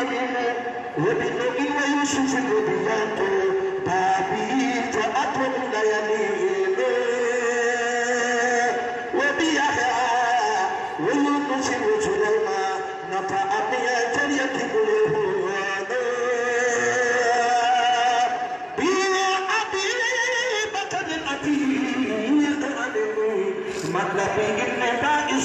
أمينه وبن إن يوسف نبيات بابي فأطلب ليمينه وبيحيى ويونس وسليمان نفع أبيات يكتب له مطلبي إن نتائج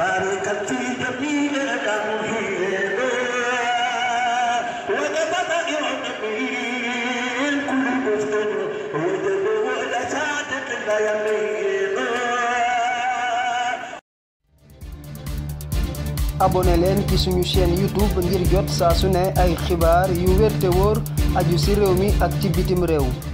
باركت leen ci suñu chaîne YouTube ngir jot saasu su ne ay xibaar yu wér te wóor aju ci réew mi ak ci bitim réew